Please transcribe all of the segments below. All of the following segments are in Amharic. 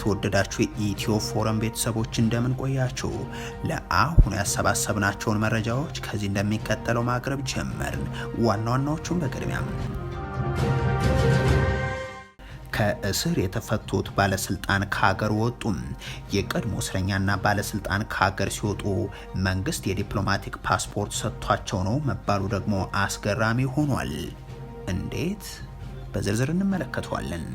የተወደዳችሁ የኢትዮ ፎረም ቤተሰቦች እንደምን ቆያችሁ? ለአሁኑ ያሰባሰብናቸውን መረጃዎች ከዚህ እንደሚከተለው ማቅረብ ጀመርን። ዋና ዋናዎቹን በቅድሚያ ከእስር የተፈቱት ባለስልጣን ከሀገር ወጡም። የቀድሞ እስረኛና ባለስልጣን ከሀገር ሲወጡ መንግስት የዲፕሎማቲክ ፓስፖርት ሰጥቷቸው ነው መባሉ ደግሞ አስገራሚ ሆኗል። እንዴት? በዝርዝር እንመለከተዋለን።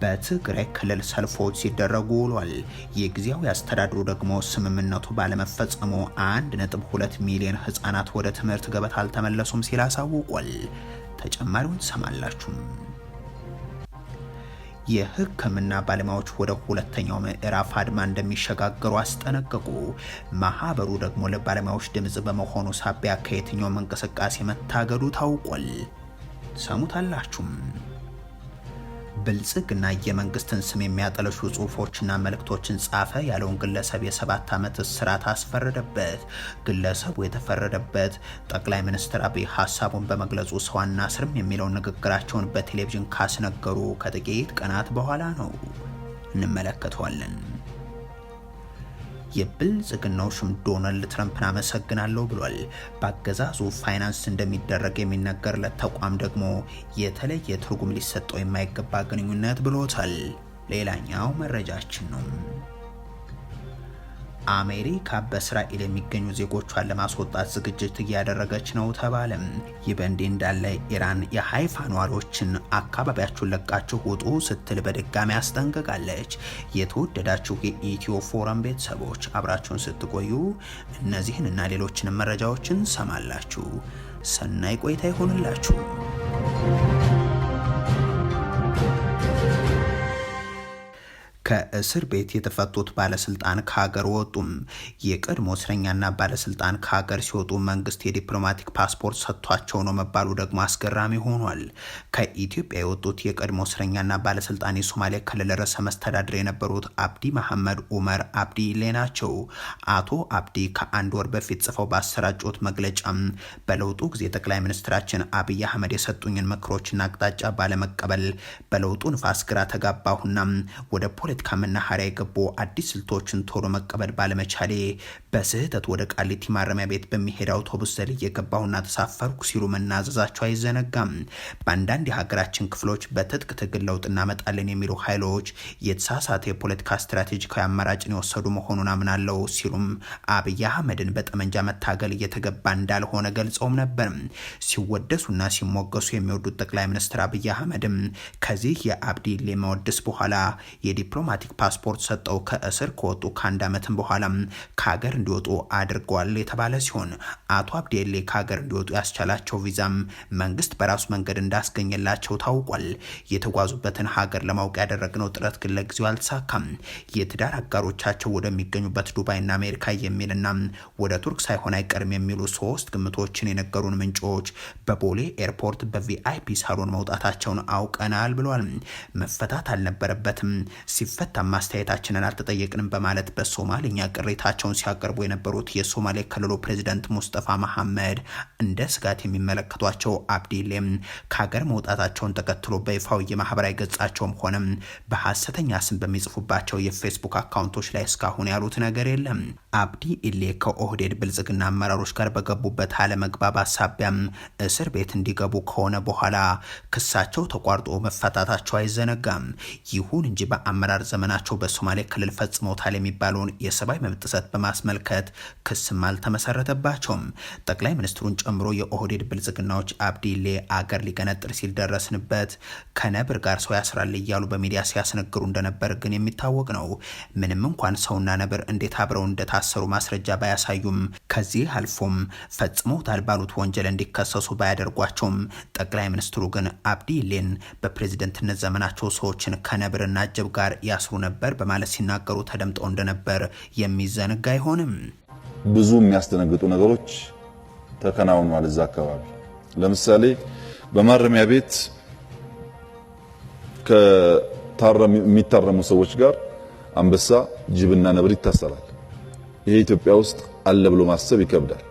በትግራይ ክልል ሰልፎች ሲደረጉ ውሏል። የጊዜያዊ አስተዳድሩ ደግሞ ስምምነቱ ባለመፈጸሙ 1.2 ሚሊዮን ህጻናት ወደ ትምህርት ገበታ አልተመለሱም ሲል አሳውቋል። ተጨማሪውን ትሰማላችሁ። የህክምና ባለሙያዎች ወደ ሁለተኛው ምዕራፍ አድማ እንደሚሸጋገሩ አስጠነቀቁ። ማህበሩ ደግሞ ለባለሙያዎች ድምፅ በመሆኑ ሳቢያ ከየትኛውም እንቅስቃሴ መታገዱ ታውቋል። ሰሙታላችሁም። ብልጽግና የመንግስትን ስም የሚያጠለሹ ጽሁፎችና መልእክቶችን ጻፈ ያለውን ግለሰብ የሰባት ዓመት እስራት አስፈረደበት። ግለሰቡ የተፈረደበት ጠቅላይ ሚኒስትር አብይ ሀሳቡን በመግለጹ ሰው አናስርም የሚለውን ንግግራቸውን በቴሌቪዥን ካስነገሩ ከጥቂት ቀናት በኋላ ነው። እንመለከተዋለን። የብልጽግናው ሽም ዶናልድ ትረምፕን አመሰግናለሁ ብሏል። በአገዛዙ ፋይናንስ እንደሚደረግ የሚነገርለት ተቋም ደግሞ የተለየ ትርጉም ሊሰጠው የማይገባ ግንኙነት ብሎታል። ሌላኛው መረጃችን ነው። አሜሪካ በእስራኤል የሚገኙ ዜጎቿን ለማስወጣት ዝግጅት እያደረገች ነው ተባለም። ይህ በእንዲህ እንዳለ ኢራን የሀይፋ ነዋሪዎችን አካባቢያችሁን ለቃችሁ ውጡ ስትል በድጋሚ አስጠንቅቃለች። የተወደዳችሁ የኢትዮ ፎረም ቤተሰቦች አብራችሁን ስትቆዩ እነዚህን እና ሌሎችንም መረጃዎችን ሰማላችሁ። ሰናይ ቆይታ ይሆንላችሁ። ከእስር ቤት የተፈቱት ባለስልጣን ከሀገር ወጡም። የቀድሞ እስረኛና ባለስልጣን ከሀገር ሲወጡ መንግስት የዲፕሎማቲክ ፓስፖርት ሰጥቷቸው ነው መባሉ ደግሞ አስገራሚ ሆኗል። ከኢትዮጵያ የወጡት የቀድሞ እስረኛና ባለስልጣን የሶማሌ ክልል ርዕሰ መስተዳድር የነበሩት አብዲ መሐመድ ኡመር አብዲ ኢሌ ናቸው። አቶ አብዲ ከአንድ ወር በፊት ጽፈው ባሰራጩት መግለጫም በለውጡ ጊዜ ጠቅላይ ሚኒስትራችን አብይ አህመድ የሰጡኝን ምክሮችና አቅጣጫ ባለመቀበል በለውጡ ንፋስ ግራ ተጋባሁና ወደ የፖለቲካ መናኸሪያ የገቡ አዲስ ስልቶችን ቶሎ መቀበል ባለመቻሌ በስህተት ወደ ቃሊቲ ማረሚያ ቤት በሚሄድ አውቶቡስ ዘል የገባሁና ተሳፈርኩ ሲሉ መናዘዛቸው አይዘነጋም። በአንዳንድ የሀገራችን ክፍሎች በትጥቅ ትግል ለውጥ እናመጣለን የሚሉ ኃይሎች የተሳሳተ የፖለቲካ ስትራቴጂካዊ አማራጭን የወሰዱ መሆኑን አምናለው ሲሉም አብይ አህመድን በጠመንጃ መታገል እየተገባ እንዳልሆነ ገልጸውም ነበር። ሲወደሱና ሲሞገሱ የሚወዱት ጠቅላይ ሚኒስትር አብይ አህመድም ከዚህ የአብዲ ሌመወድስ በኋላ የዲፕሎ ዲፕሎማቲክ ፓስፖርት ሰጠው ከእስር ከወጡ ከአንድ ዓመትም በኋላ ከሀገር እንዲወጡ አድርገዋል የተባለ ሲሆን አቶ አብዴሌ ከሀገር እንዲወጡ ያስቻላቸው ቪዛም መንግስት በራሱ መንገድ እንዳስገኘላቸው ታውቋል። የተጓዙበትን ሀገር ለማወቅ ያደረግነው ጥረት ግን ለጊዜው አልተሳካም። የትዳር አጋሮቻቸው ወደሚገኙበት ዱባይና አሜሪካ የሚልና ወደ ቱርክ ሳይሆን አይቀርም የሚሉ ሶስት ግምቶችን የነገሩን ምንጮች በቦሌ ኤርፖርት በቪአይፒ ሳሎን መውጣታቸውን አውቀናል ብለል መፈታት አልነበረበትም። ሲ እንዲፈታ ማስተያየታችንን አልተጠየቅንም በማለት በሶማሊኛ ቅሬታቸውን ሲያቀርቡ የነበሩት የሶማሌ ክልሉ ፕሬዚደንት ሙስጠፋ መሐመድ እንደ ስጋት የሚመለከቷቸው አብዲሌም ከሀገር መውጣታቸውን ተከትሎ በይፋው የማህበራዊ ገጻቸውም ሆነም በሀሰተኛ ስም በሚጽፉባቸው የፌስቡክ አካውንቶች ላይ እስካሁን ያሉት ነገር የለም። አብዲ ኢሌ ከኦህዴድ ብልጽግና አመራሮች ጋር በገቡበት አለመግባባት ሳቢያም እስር ቤት እንዲገቡ ከሆነ በኋላ ክሳቸው ተቋርጦ መፈታታቸው አይዘነጋም። ይሁን እንጂ በአመራር ዘመናቸው በሶማሌ ክልል ፈጽመውታል የሚባለውን የሰብአዊ መብት ጥሰት በማስመልከት ክስም አልተመሰረተባቸውም። ጠቅላይ ሚኒስትሩን ጨምሮ የኦህዴድ ብልጽግናዎች አብዲሌ አገር ሊገነጥር ሲል ደረስንበት ከነብር ጋር ሰው ያስራል እያሉ በሚዲያ ሲያስነግሩ እንደነበር ግን የሚታወቅ ነው። ምንም እንኳን ሰውና ነብር እንዴት አብረው እንደታሰሩ ማስረጃ ባያሳዩም ከዚህ አልፎም ፈጽመውታል ባሉት ወንጀል እንዲከሰሱ ባያደርጓቸውም ጠቅላይ ሚኒስትሩ ግን አብዲሌን በፕሬዝደንትነት ዘመናቸው ሰዎችን ከነብርና ጅብ ጋር ያስሩ ነበር በማለት ሲናገሩ ተደምጠው እንደነበር የሚዘነጋ አይሆንም። ብዙ የሚያስደነግጡ ነገሮች ተከናውኗል። እዛ አካባቢ ለምሳሌ በማረሚያ ቤት የሚታረሙ ሰዎች ጋር አንበሳ፣ ጅብና ነብር ይታሰራል። ይሄ ኢትዮጵያ ውስጥ አለ ብሎ ማሰብ ይከብዳል።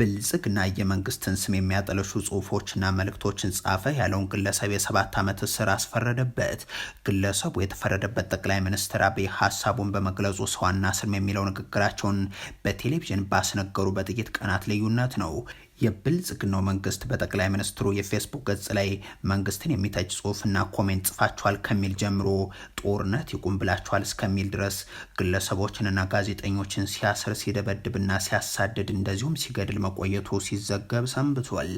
ብልጽግና የመንግስትን ስም የሚያጠለሹ ጽሁፎችና መልእክቶችን ጻፈ ያለውን ግለሰብ የሰባት ዓመት እስር አስፈረደበት። ግለሰቡ የተፈረደበት ጠቅላይ ሚኒስትር አብይ ሀሳቡን በመግለጹ ሰዋና ስርም የሚለው ንግግራቸውን በቴሌቪዥን ባስነገሩ በጥቂት ቀናት ልዩነት ነው። የብልጽግናው መንግስት በጠቅላይ ሚኒስትሩ የፌስቡክ ገጽ ላይ መንግስትን የሚተች ጽሁፍና ኮሜንት ጽፋችኋል ከሚል ጀምሮ ጦርነት ይቁም ብላችኋል እስከሚል ድረስ ግለሰቦችንና ጋዜጠኞችን ሲያስር ሲደበድብና ሲያሳድድ እንደዚሁም ሲገድል መቆየቱ ሲዘገብ ሰንብቷል።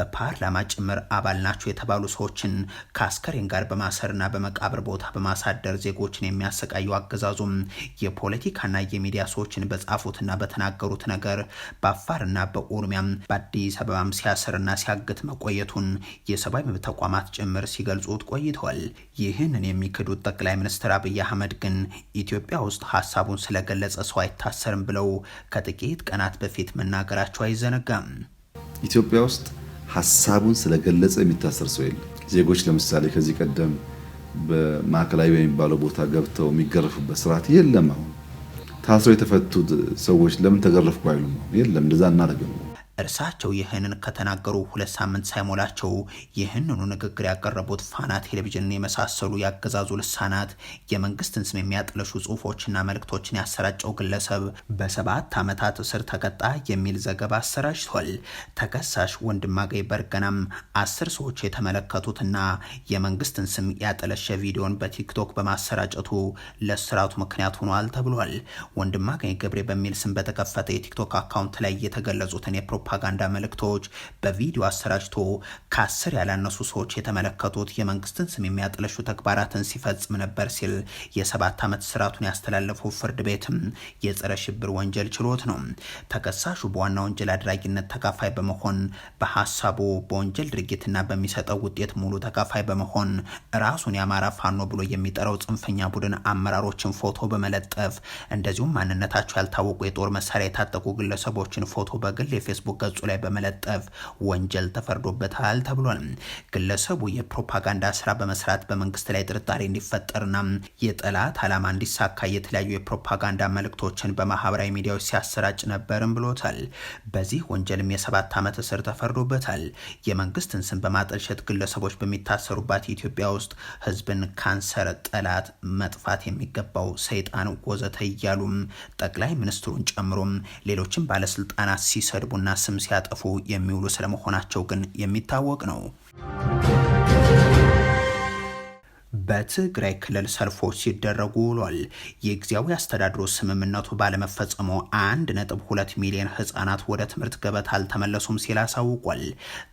በፓርላማ ጭምር አባል ናቸው የተባሉ ሰዎችን ከአስከሬን ጋር በማሰርና በመቃብር ቦታ በማሳደር ዜጎችን የሚያሰቃየው አገዛዙም የፖለቲካና የሚዲያ ሰዎችን በጻፉትና በተናገሩት ነገር በአፋርና በኦሮሚያም አዲስ አበባም ሲያስርና ሲያግት መቆየቱን የሰብአዊ መብት ተቋማት ጭምር ሲገልጹት ቆይተዋል። ይህንን የሚክዱት ጠቅላይ ሚኒስትር አብይ አህመድ ግን ኢትዮጵያ ውስጥ ሀሳቡን ስለገለጸ ሰው አይታሰርም ብለው ከጥቂት ቀናት በፊት መናገራቸው አይዘነጋም። ኢትዮጵያ ውስጥ ሀሳቡን ስለገለጸ የሚታሰር ሰው የለ። ዜጎች ለምሳሌ ከዚህ ቀደም በማዕከላዊ የሚባለው ቦታ ገብተው የሚገረፉበት ስርዓት የለም። አሁን ታስረው የተፈቱት ሰዎች ለምን ተገረፍኩ አይሉም። የለም እንደዛ እናደርገው እርሳቸው ይህንን ከተናገሩ ሁለት ሳምንት ሳይሞላቸው ይህንኑ ንግግር ያቀረቡት ፋና ቴሌቪዥንን የመሳሰሉ ያገዛዙ ልሳናት የመንግስትን ስም የሚያጥለሹ ጽሁፎችና መልእክቶችን ያሰራጨው ግለሰብ በሰባት ዓመታት እስር ተቀጣ የሚል ዘገባ አሰራጭቷል። ተከሳሽ ወንድማገኝ በርገናም አስር ሰዎች የተመለከቱትና የመንግስትን ስም ያጠለሸ ቪዲዮን በቲክቶክ በማሰራጨቱ ለስራቱ ምክንያት ሆኗል ተብሏል። ወንድማገኝ ገብሬ በሚል ስም በተከፈተ የቲክቶክ አካውንት ላይ የተገለጹትን የፕሮ የፕሮፓጋንዳ መልእክቶች በቪዲዮ አሰራጭቶ ከአስር ያላነሱ ሰዎች የተመለከቱት የመንግስትን ስም የሚያጠለሹ ተግባራትን ሲፈጽም ነበር ሲል የሰባት ዓመት ስርዓቱን ያስተላለፈው ፍርድ ቤትም የጸረ ሽብር ወንጀል ችሎት ነው። ተከሳሹ በዋና ወንጀል አድራጊነት ተካፋይ በመሆን በሀሳቡ በወንጀል ድርጊትና በሚሰጠው ውጤት ሙሉ ተካፋይ በመሆን ራሱን የአማራ ፋኖ ብሎ የሚጠራው ጽንፈኛ ቡድን አመራሮችን ፎቶ በመለጠፍ እንደዚሁም ማንነታቸው ያልታወቁ የጦር መሳሪያ የታጠቁ ግለሰቦችን ፎቶ በግል የፌስቡክ የፌስቡክ ገጹ ላይ በመለጠፍ ወንጀል ተፈርዶበታል ተብሏል። ግለሰቡ የፕሮፓጋንዳ ስራ በመስራት በመንግስት ላይ ጥርጣሬ እንዲፈጠርና የጠላት ዓላማ እንዲሳካ የተለያዩ የፕሮፓጋንዳ መልእክቶችን በማህበራዊ ሚዲያዎች ሲያሰራጭ ነበርም ብሎታል። በዚህ ወንጀልም የሰባት ዓመት እስር ተፈርዶበታል። የመንግስትን ስም በማጠልሸት ግለሰቦች በሚታሰሩባት ኢትዮጵያ ውስጥ ህዝብን ካንሰር፣ ጠላት፣ መጥፋት የሚገባው ሰይጣን ወዘተ እያሉም ጠቅላይ ሚኒስትሩን ጨምሮም ሌሎችም ባለስልጣናት ሲሰድቡና ስም ሲያጠፉ የሚውሉ ስለመሆናቸው ግን የሚታወቅ ነው። በትግራይ ክልል ሰልፎች ሲደረጉ ውሏል። የጊዜያዊ አስተዳድሮ ስምምነቱ ባለመፈጸሙ አንድ ነጥብ ሁለት ሚሊዮን ህጻናት ወደ ትምህርት ገበታ አልተመለሱም ሲል አሳውቋል።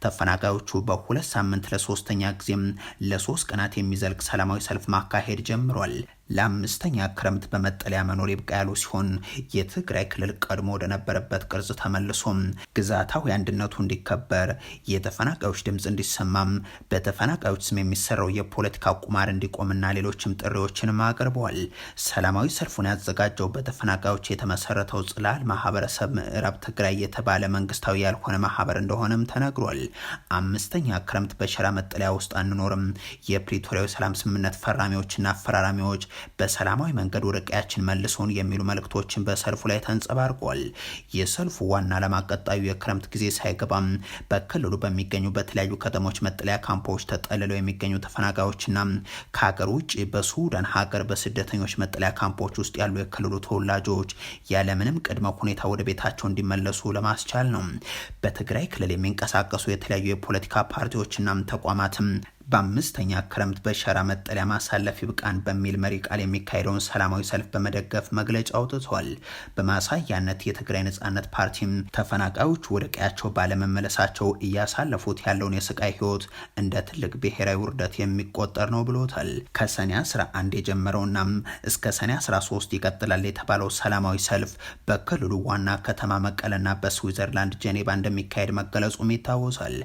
ተፈናቃዮቹ በሁለት ሳምንት ለሶስተኛ ጊዜም ለሶስት ቀናት የሚዘልቅ ሰላማዊ ሰልፍ ማካሄድ ጀምሯል። ለአምስተኛ ክረምት በመጠለያ መኖር ይብቃ ያሉ ሲሆን የትግራይ ክልል ቀድሞ ወደነበረበት ቅርጽ ተመልሶም ግዛታዊ አንድነቱ እንዲከበር የተፈናቃዮች ድምፅ እንዲሰማም በተፈናቃዮች ስም የሚሰራው የፖለቲካ ቁማር እንዲቆምና ሌሎችም ጥሪዎችንም አቅርበዋል። ሰላማዊ ሰልፉን ያዘጋጀው በተፈናቃዮች የተመሰረተው ጽላል ማህበረሰብ ምዕራብ ትግራይ የተባለ መንግስታዊ ያልሆነ ማህበር እንደሆነም ተነግሯል። አምስተኛ ክረምት በሸራ መጠለያ ውስጥ አንኖርም፣ የፕሪቶሪያዊ ሰላም ስምምነት ፈራሚዎችና አፈራራሚዎች በሰላማዊ መንገድ ወደ ቀያችን መልሶን የሚሉ መልእክቶችን በሰልፉ ላይ ተንጸባርቋል። የሰልፉ ዋና ዓላማ ቀጣዩ የክረምት ጊዜ ሳይገባም በክልሉ በሚገኙ በተለያዩ ከተሞች መጠለያ ካምፖች ተጠልለው የሚገኙ ተፈናቃዮችና ከሀገር ውጭ በሱዳን ሀገር በስደተኞች መጠለያ ካምፖች ውስጥ ያሉ የክልሉ ተወላጆች ያለምንም ቅድመ ሁኔታ ወደ ቤታቸው እንዲመለሱ ለማስቻል ነው። በትግራይ ክልል የሚንቀሳቀሱ የተለያዩ የፖለቲካ ፓርቲዎችና ተቋማትም በአምስተኛ ክረምት በሸራ መጠለያ ማሳለፍ ይብቃን በሚል መሪ ቃል የሚካሄደውን ሰላማዊ ሰልፍ በመደገፍ መግለጫ አውጥቷል። በማሳያነት የትግራይ ነጻነት ፓርቲም ተፈናቃዮች ወደ ቀያቸው ባለመመለሳቸው እያሳለፉት ያለውን የስቃይ ህይወት እንደ ትልቅ ብሔራዊ ውርደት የሚቆጠር ነው ብሎታል። ከሰኔ 11 የጀመረውና እስከ ሰኔ 13 ይቀጥላል የተባለው ሰላማዊ ሰልፍ በክልሉ ዋና ከተማ መቀለና በስዊዘርላንድ ጄኔቫ እንደሚካሄድ መገለጹም ይታወሳል።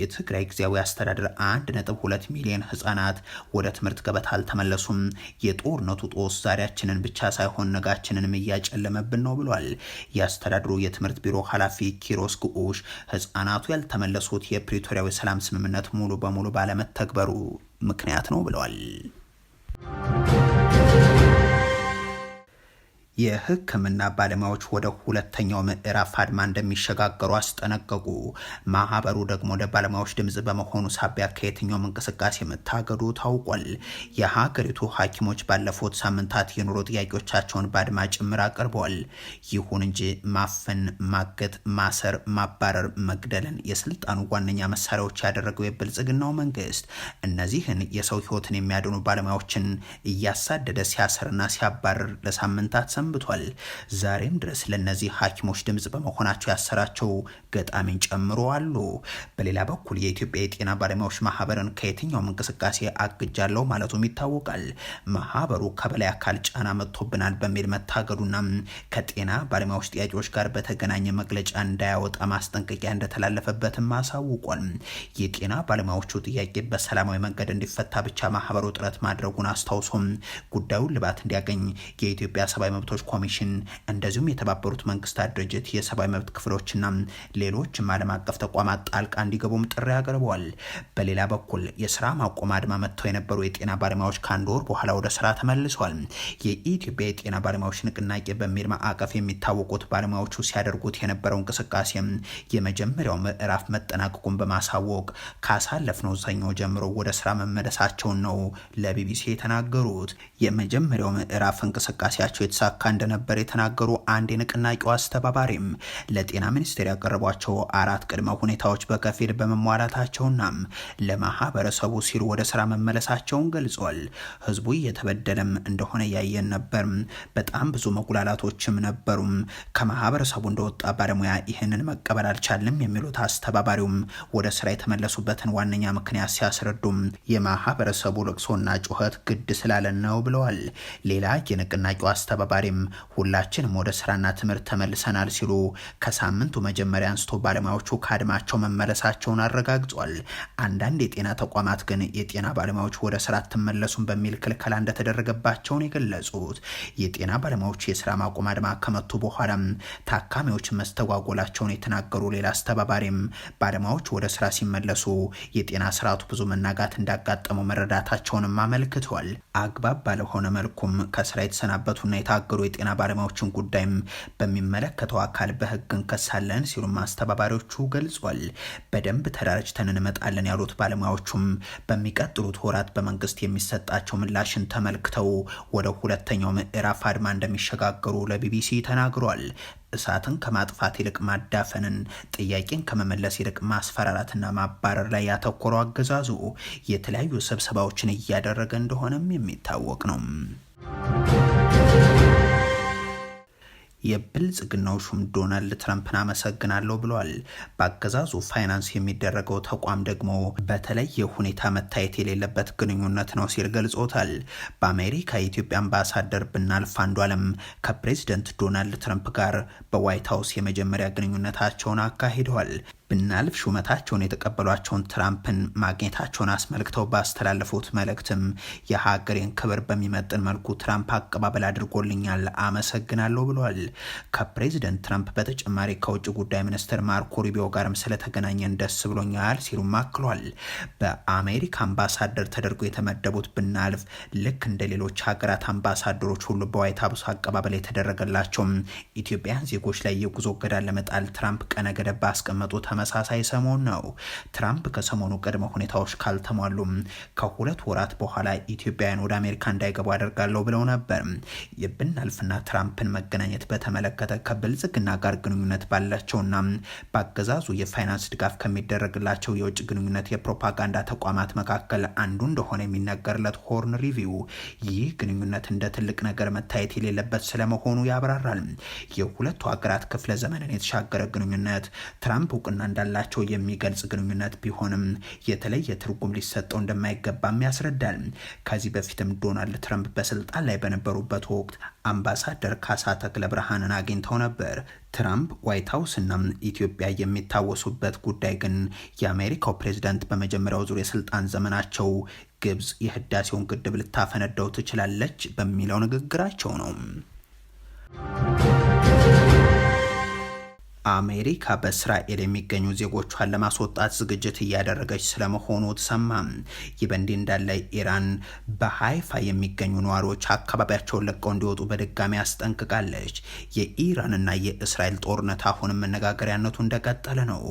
የትግራይ ጊዜያዊ አስተዳደር አንድ ነጥብ ሁለት ሚሊዮን ህጻናት ወደ ትምህርት ገበታ አልተመለሱም። የጦርነቱ ጦስ ዛሬያችንን ብቻ ሳይሆን ነጋችንንም እያጨለመብን ነው ብሏል። የአስተዳድሩ የትምህርት ቢሮ ኃላፊ ኪሮስ ግዑሽ ህጻናቱ ያልተመለሱት የፕሪቶሪያዊ ሰላም ስምምነት ሙሉ በሙሉ ባለመተግበሩ ምክንያት ነው ብለዋል። የሕክምና ባለሙያዎች ወደ ሁለተኛው ምዕራፍ አድማ እንደሚሸጋገሩ አስጠነቀቁ። ማህበሩ ደግሞ ለባለሙያዎች ድምፅ በመሆኑ ሳቢያ ከየትኛውም እንቅስቃሴ መታገዱ ታውቋል። የሀገሪቱ ሐኪሞች ባለፉት ሳምንታት የኑሮ ጥያቄዎቻቸውን በአድማ ጭምር አቅርበዋል። ይሁን እንጂ ማፈን፣ ማገት፣ ማሰር፣ ማባረር፣ መግደልን የስልጣኑ ዋነኛ መሳሪያዎች ያደረገው የብልጽግናው መንግስት እነዚህን የሰው ህይወትን የሚያድኑ ባለሙያዎችን እያሳደደ ሲያሰርና ሲያባረር ለሳምንታት ሰንብቷል። ዛሬም ድረስ ለእነዚህ ሐኪሞች ድምፅ በመሆናቸው ያሰራቸው ገጣሚን ጨምሮ አሉ። በሌላ በኩል የኢትዮጵያ የጤና ባለሙያዎች ማህበርን ከየትኛውም እንቅስቃሴ አግጃለሁ ማለቱም ይታወቃል። ማህበሩ ከበላይ አካል ጫና መጥቶብናል በሚል መታገዱና ከጤና ባለሙያዎች ጥያቄዎች ጋር በተገናኘ መግለጫ እንዳያወጣ ማስጠንቀቂያ እንደተላለፈበትም አሳውቋል። የጤና ባለሙያዎቹ ጥያቄ በሰላማዊ መንገድ እንዲፈታ ብቻ ማህበሩ ጥረት ማድረጉን አስታውሶም ጉዳዩን ልባት እንዲያገኝ የኢትዮጵያ ሰብአዊ መብቶ መብቶች ኮሚሽን እንደዚሁም የተባበሩት መንግስታት ድርጅት የሰብአዊ መብት ክፍሎችና ሌሎችም ዓለም አቀፍ ተቋማት ጣልቃ እንዲገቡም ጥሪ አቅርበዋል። በሌላ በኩል የስራ ማቆም አድማ መጥተው የነበሩ የጤና ባለሙያዎች ከአንድ ወር በኋላ ወደ ስራ ተመልሰዋል። የኢትዮጵያ የጤና ባለሙያዎች ንቅናቄ በሚል ማዕቀፍ የሚታወቁት ባለሙያዎቹ ሲያደርጉት የነበረው እንቅስቃሴ የመጀመሪያው ምዕራፍ መጠናቀቁን በማሳወቅ ካሳለፍነው ሰኞ ጀምሮ ወደ ስራ መመለሳቸውን ነው ለቢቢሲ የተናገሩት። የመጀመሪያው ምዕራፍ እንቅስቃሴያቸው የተሳካ እንደነበር የተናገሩ አንድ የንቅናቄው አስተባባሪም ለጤና ሚኒስቴር ያቀረቧቸው አራት ቅድመ ሁኔታዎች በከፊል በመሟላታቸውና ለማህበረሰቡ ሲሉ ወደ ስራ መመለሳቸውን ገልጿል። ህዝቡ እየተበደለም እንደሆነ ያየን ነበር። በጣም ብዙ መጉላላቶችም ነበሩም። ከማህበረሰቡ እንደወጣ ባለሙያ ይህንን መቀበል አልቻልም የሚሉት አስተባባሪውም ወደ ስራ የተመለሱበትን ዋነኛ ምክንያት ሲያስረዱም የማህበረሰቡ ልቅሶና ጩኸት ግድ ስላለን ነው ብለዋል። ሌላ የንቅናቄው አስተባባሪ ዛሬም ሁላችንም ወደ ስራና ትምህርት ተመልሰናል ሲሉ ከሳምንቱ መጀመሪያ አንስቶ ባለሙያዎቹ ከአድማቸው መመለሳቸውን አረጋግጧል። አንዳንድ የጤና ተቋማት ግን የጤና ባለሙያዎች ወደ ስራ አትመለሱም በሚል ክልከላ እንደተደረገባቸውን የገለጹት የጤና ባለሙያዎች የስራ ማቆም አድማ ከመቱ በኋላም ታካሚዎች መስተጓጎላቸውን የተናገሩ ሌላ አስተባባሪም ባለሙያዎች ወደ ስራ ሲመለሱ የጤና ስርዓቱ ብዙ መናጋት እንዳጋጠመው መረዳታቸውንም አመልክተዋል። አግባብ ባለሆነ መልኩም ከስራ የተሰናበቱና የታገዱ የጤና ባለሙያዎችን ጉዳይም በሚመለከተው አካል በህግ እንከሳለን ሲሉም አስተባባሪዎቹ ገልጿል። በደንብ ተደራጅተን እንመጣለን ያሉት ባለሙያዎቹም በሚቀጥሉት ወራት በመንግስት የሚሰጣቸው ምላሽን ተመልክተው ወደ ሁለተኛው ምዕራፍ አድማ እንደሚሸጋገሩ ለቢቢሲ ተናግሯል። እሳትን ከማጥፋት ይልቅ ማዳፈንን፣ ጥያቄን ከመመለስ ይልቅ ማስፈራራትና ማባረር ላይ ያተኮረው አገዛዙ የተለያዩ ስብሰባዎችን እያደረገ እንደሆነም የሚታወቅ ነው። የብልጽግናው ሹም ዶናልድ ትራምፕን አመሰግናለሁ ብለዋል። በአገዛዙ ፋይናንስ የሚደረገው ተቋም ደግሞ በተለየ ሁኔታ መታየት የሌለበት ግንኙነት ነው ሲል ገልጾታል። በአሜሪካ የኢትዮጵያ አምባሳደር ብናልፍ አለም ከፕሬዚደንት ዶናልድ ትራምፕ ጋር በዋይት ሀውስ የመጀመሪያ ግንኙነታቸውን አካሂደዋል። ብናልፍ ሹመታቸውን የተቀበሏቸውን ትራምፕን ማግኘታቸውን አስመልክተው ባስተላለፉት መልእክትም የሀገሬን ክብር በሚመጥን መልኩ ትራምፕ አቀባበል አድርጎልኛል፣ አመሰግናለሁ ብሏል። ከፕሬዚደንት ትራምፕ በተጨማሪ ከውጭ ጉዳይ ሚኒስትር ማርኮ ሩቢዮ ጋርም ስለተገናኘን ደስ ብሎኛል ሲሉም አክሏል። በአሜሪካ አምባሳደር ተደርገው የተመደቡት ብናልፍ ልክ እንደ ሌሎች ሀገራት አምባሳደሮች ሁሉ በዋይት ሀውስ አቀባበል የተደረገላቸውም ኢትዮጵያን ዜጎች ላይ የጉዞ እገዳን ለመጣል ትራምፕ ቀነ ገደብ ባስቀመጡት ተመሳሳይ ሰሞን ነው። ትራምፕ ከሰሞኑ ቅድመ ሁኔታዎች ካልተሟሉም ከሁለት ወራት በኋላ ኢትዮጵያውያን ወደ አሜሪካ እንዳይገቡ አደርጋለሁ ብለው ነበር። የብናልፍና ትራምፕን መገናኘት በተመለከተ ከብልጽግና ጋር ግንኙነት ባላቸውና በአገዛዙ የፋይናንስ ድጋፍ ከሚደረግላቸው የውጭ ግንኙነት የፕሮፓጋንዳ ተቋማት መካከል አንዱ እንደሆነ የሚነገርለት ሆርን ሪቪው ይህ ግንኙነት እንደ ትልቅ ነገር መታየት የሌለበት ስለመሆኑ ያብራራል። የሁለቱ ሀገራት ክፍለ ዘመንን የተሻገረ ግንኙነት ትራምፕ እውቅና እንዳላቸው የሚገልጽ ግንኙነት ቢሆንም የተለየ ትርጉም ሊሰጠው እንደማይገባም ያስረዳል። ከዚህ በፊትም ዶናልድ ትራምፕ በስልጣን ላይ በነበሩበት ወቅት አምባሳደር ካሳ ተክለ ብርሃንን አግኝተው ነበር። ትራምፕ ዋይት እና ኢትዮጵያ የሚታወሱበት ጉዳይ ግን የአሜሪካው ፕሬዝዳንት በመጀመሪያው ዙር የስልጣን ዘመናቸው ግብጽ የህዳሴውን ግድብ ልታፈነዳው ትችላለች በሚለው ንግግራቸው ነው። አሜሪካ በእስራኤል የሚገኙ ዜጎቿን ለማስወጣት ዝግጅት እያደረገች ስለመሆኑ ተሰማ። ይህ በእንዲህ እንዳለ ኢራን በሀይፋ የሚገኙ ነዋሪዎች አካባቢያቸውን ለቀው እንዲወጡ በድጋሚ አስጠንቅቃለች። የኢራንና የእስራኤል ጦርነት አሁንም መነጋገሪያነቱ እንደቀጠለ ነው።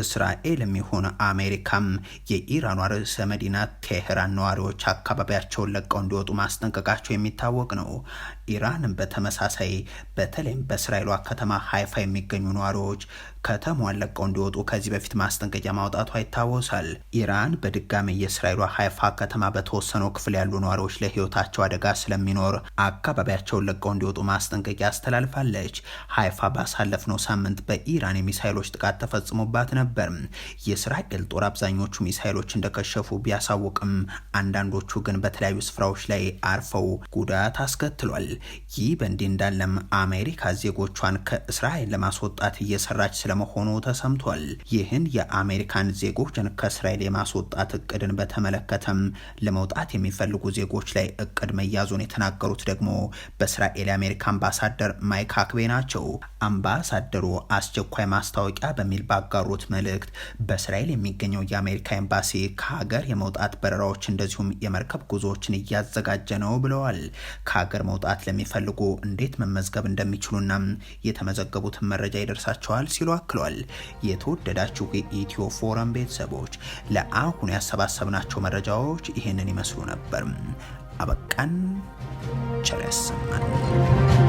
እስራኤልም ይሁን አሜሪካም የኢራኗ ርዕሰ መዲና ቴህራን ነዋሪዎች አካባቢያቸውን ለቀው እንዲወጡ ማስጠንቀቃቸው የሚታወቅ ነው። ኢራንም በተመሳሳይ በተለይም በእስራኤሏ ከተማ ሀይፋ የሚገኙ ነዋሪዎች ከተማዋን ለቀው እንዲወጡ ከዚህ በፊት ማስጠንቀቂያ ማውጣቷ ይታወሳል። ኢራን በድጋሚ የእስራኤሏ ሀይፋ ከተማ በተወሰነው ክፍል ያሉ ነዋሪዎች ለህይወታቸው አደጋ ስለሚኖር አካባቢያቸውን ለቀው እንዲወጡ ማስጠንቀቂያ አስተላልፋለች። ሀይፋ ባሳለፍነው ሳምንት በኢራን የሚሳይሎች ጥቃት ተፈጽሞባት ነበር። የእስራኤል ጦር አብዛኞቹ ሚሳይሎች እንደከሸፉ ቢያሳውቅም አንዳንዶቹ ግን በተለያዩ ስፍራዎች ላይ አርፈው ጉዳት አስከትሏል። ይህ በእንዲህ እንዳለም አሜሪካ ዜጎቿን ከእስራኤል ለማስወጣት እየሰራች ስለመሆኑ ተሰምቷል። ይህን የአሜሪካን ዜጎችን ከእስራኤል የማስወጣት እቅድን በተመለከተም ለመውጣት የሚፈልጉ ዜጎች ላይ እቅድ መያዙን የተናገሩት ደግሞ በእስራኤል የአሜሪካ አምባሳደር ማይክ አክቤ ናቸው። አምባሳደሩ አስቸኳይ ማስታወቂያ በሚል ባጋሩት መልእክት በእስራኤል የሚገኘው የአሜሪካ ኤምባሲ ከሀገር የመውጣት በረራዎች እንደዚሁም የመርከብ ጉዞዎችን እያዘጋጀ ነው ብለዋል። ከሀገር መውጣት ለሚፈልጉ እንዴት መመዝገብ እንደሚችሉና የተመዘገቡትን መረጃ ይደርሳቸዋል ሲሉ አክሏል። የተወደዳችሁ የኢትዮ ፎረም ቤተሰቦች ለአሁን ያሰባሰብናቸው መረጃዎች ይህንን ይመስሉ ነበር። አበቃን። ቸር ያሰማን።